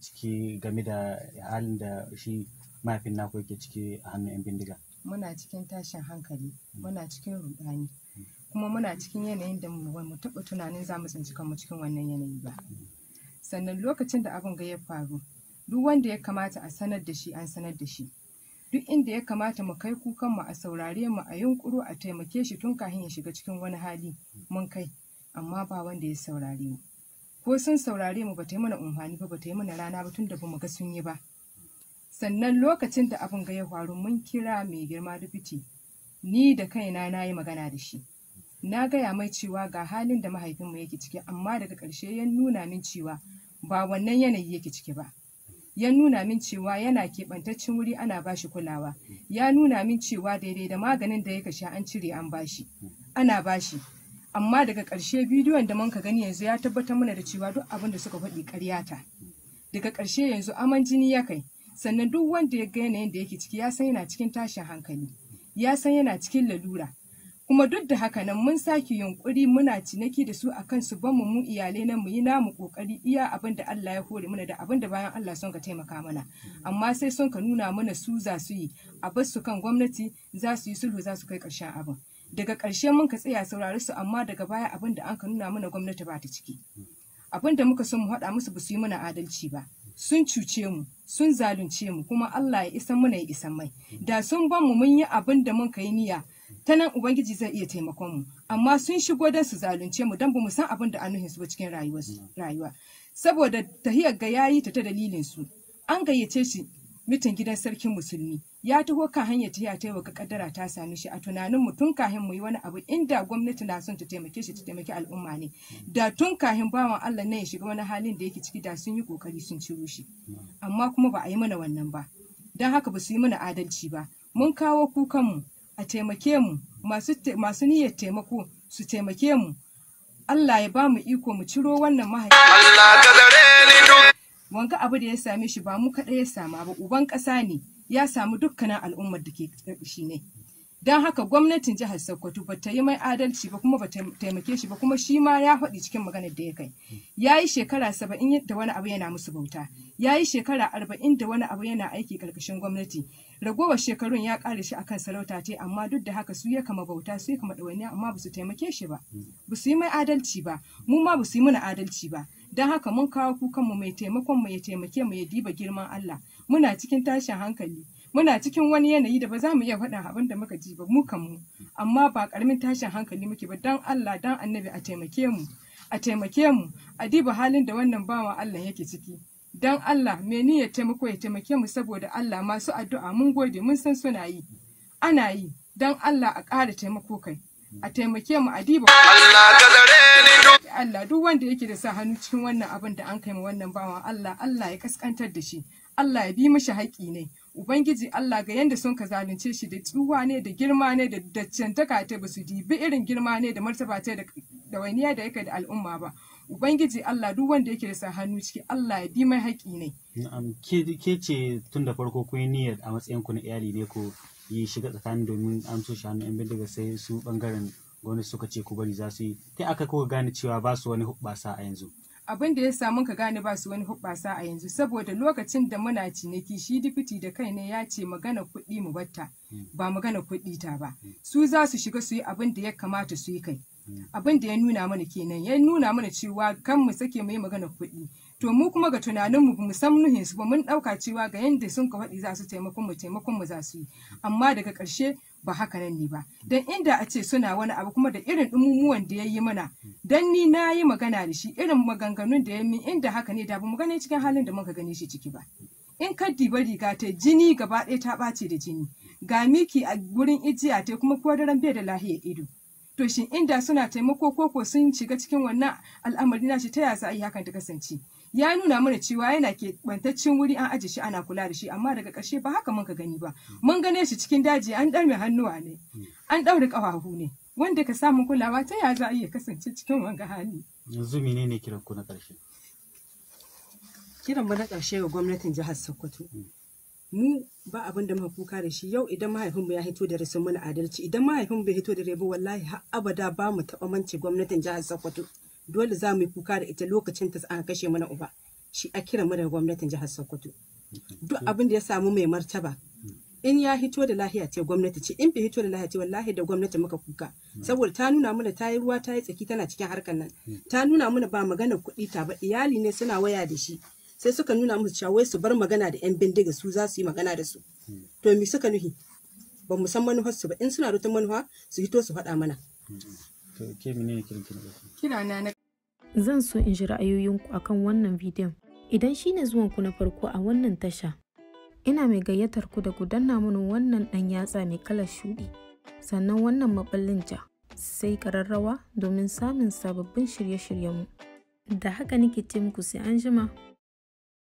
ciki game da halin da shi mafin naku yake ciki a hannun 'yan bindiga muna cikin tashin hankali hmm. muna cikin rudani kuma muna cikin yanayin da mu taɓa tunanin za mu tsinci kanmu cikin wannan yanayi ba sannan lokacin da abin ga ya faru duk wanda ya kamata a sanar da shi an sanar da shi duk inda ya kamata mu kai kukan mu a saurare mu a yunƙuro a taimake shi tun kafin ya shiga cikin wani hali mun kai amma ba wanda ya saurare mu ko sun saurare mu ba ta yi mana umfani ba bata yi mana rana ba tun da bamu ga sun yi ba sannan lokacin da abin ga ya faru mun kira mai girma dubiti ni da kaina na yi magana da shi na gaya mai cewa ga halin da mahaifinmu yake ciki amma daga ƙarshe ya nuna min cewa ba wannan yanayi yake ciki ba ya nuna min cewa yana keɓantaccen wuri ana bashi kulawa ya nuna min cewa daidai da maganin da ya kashe an cire an bashi ana bashi amma daga ƙarshe bidiyon da mun ka gani yanzu ya tabbatar mana da cewa duk abin da suka faɗi ƙarya ta daga ƙarshe yanzu aman jini ya kai sannan duk wanda ya ga yanayin da yake ciki ya san yana cikin tashin hankali ya san yana cikin lalura kuma duk da haka nan mun sake yunkuri muna ciniki da su a kan su bamu mu iyalai nan mu yi namu kokari iya abin da Allah ya hore mana da abin da bayan Allah sun ka taimaka mana amma sai sun ka nuna mana su za su yi a basu kan gwamnati za su yi sulhu za su kai ƙarshen abin daga ƙarshe mun ka tsaya saurari su amma daga baya abin da an ka nuna mana gwamnati ba ta ciki abin da muka son mu haɗa musu ba su yi mana adalci ba sun cuce mu sun zalunce mu kuma Allah ya isan muna ya isan mai da sun ban mu mun yi abin da mun yi niyya ta nan ubangiji zai iya taimakon mu amma sun shigo don su zalunce mu don ba mu san abin da anuhin su ba cikin rayuwa saboda tahiyar ga yayi ta ta dalilin su an gayyace shi mitin gidan sarkin musulmi ya taho kan hanyar ta ta ka kaddara ta sami shi a tunanin mu tun kahin mu yi wani abu inda gwamnati na son ta taimake shi ta taimaki al'umma ne hmm. da tun kahin bawan Allah na ya shiga wani halin da yake ciki da sun yi kokari sun ciro shi hmm. amma kuma ba a yi mana wannan ba don haka ba su yi mana adalci ba mun kawo kukan mu a taimake mu masu niyyar taimako su taimake mu Allah ya ba mu iko mu ciro wannan mahaifi Allah ka ni wanga abu da ya same shi ba mu kaɗai ya sama ba uban kasa ne ya samu dukkanin al'ummar da ke shi ne don haka gwamnatin jihar sokoto ba ta yi mai adalci ba kuma ba ta taimake shi ba kuma shi ma ya faɗi cikin maganar da ya kai ya yi shekara saba'in da wani abu yana musu bauta ya yi shekara arba'in da wani abu yana aiki ƙarƙashin gwamnati ragowar shekarun ya ƙare shi akan sarauta ce amma duk da haka su ya kama bauta su ya kama ɗawainiya amma ba su taimake shi ba ba su yi mai adalci ba mu ma ba su yi mana adalci ba don haka mun kawo kukanmu mai taimakon mu ya taimake mu ya diba girman Allah muna cikin tashin hankali muna cikin wani yanayi da ba za mu iya faɗin abin da muka ji ba mu kanmu amma ba ƙaramin tashin hankali muke ba don Allah don annabi a taimake mu a taimake mu a diba halin da wannan bawa Allah yake ciki don Allah me ni ya taimako ya taimake mu saboda Allah masu addu'a mun gode mun san suna yi ana yi don Allah a ƙara taimako kai a taimake mu a diba Allah ka zare ni Allah duk wanda yake da sa hannu cikin wannan abin da an kai ma wannan bawan Allah Allah ya kaskantar da shi Allah ya bi mishi haƙi ne Ubangiji Allah ga yanda sun ka zalunce shi da tsuwa ne da girma ne da daccantaka ta ba su dibi irin girma ne da martaba ta da wainiya da yake da al'umma ba. Ubangiji Allah duk wanda yake da sa hannu ciki Allah ya bi mai haƙi ne. Ke ce tun da farko kun yi niyyar a matsayin ku na iyali ne ko yi shiga tsakanin domin amso shi hannu 'yan bindiga sai su bangaren gwamnati suka ce ku bari za su yi ta aka kuka gane cewa ba su wani hubbasa a yanzu abin da ya samu ka gane ba su wani hubbasa a yanzu saboda lokacin da muna ciniki shi dikiti da kai ne ya ce magana kuɗi mu batta hmm. ba magana kuɗi ta ba hmm. su za su shiga su yi abin da ya kamata su yi kai hmm. abin da ya nuna mana kenan ya nuna mana cewa kan mu sake mu yi magana kuɗi to mu kuma ga tunaninmu mu san nuhin su ba mun ɗauka cewa ga yanda sun ka faɗi za su taimakon mu taimakon mu za su yi amma daga ƙarshe ba haka nan ne ba dan inda a ce suna wani abu kuma da irin dumumuwan da ya yi mana dan ni na yi magana da shi irin maganganun da ya min inda haka ne da ba mu gane cikin halin da muka gane shi ciki ba in ka diba riga ta jini gaba ɗaya ta ɓace da jini ga miki a gurin ijiya ta kuma ko bai da lahiya ido to shin inda suna taimako koko sun shiga cikin wannan al'amari na shi ta yasa a hakan ta kasance ya nuna mana cewa yana keɓantaccen wuri an aje shi ana kula da shi amma daga ƙarshe ba haka mun ka gani ba mun gane shi cikin daji an ɗarme hannuwa ne an ɗaure ƙafafu ne wanda ka samu kulawa ta ya za a iya kasance cikin wanga hali yanzu mene ne kiran ku na ƙarshe kiran mu na ƙarshe ga gwamnatin jihar Sokoto mm. mu ba abin da muka kuka da shi yau idan mahaifinmu ya hito da rasin mana adalci idan mahaifinmu bai hito da rebu wallahi har abada ba mu taɓa mance gwamnatin jihar Sokoto dole za mu yi kuka da ita lokacin ta aka kashe mana uba shi a kira mu daga gwamnatin jihar Sokoto duk abin da ya samu mai martaba in ya hito da lahiya ce gwamnati ce in bai hito da lahiya ce wallahi da gwamnati muka kuka hmm. saboda ta nuna mana ta yi ruwa ta yi tsaki tana cikin harkar nan hmm. ta nuna mana ba magana kuɗi ta ba iyali ne suna waya da shi sai suka nuna musu cewa wai su bar magana da yan bindiga su za su yi magana da su hmm. to me suka nuhi ba mu san manufar su ba in suna da manufa su hito su faɗa mana Zan so in ji ra'ayoyinku akan wannan bidiyon. Idan shi ne zuwanku na farko a wannan tasha, ina mai gayyatar ku da ku danna mini wannan ɗan yatsa mai kalar shuɗi, sannan wannan maɓallin ja, sai ƙararrawa domin samun sababbin shirye-shiryenmu. Da haka nake ce muku sai an jima.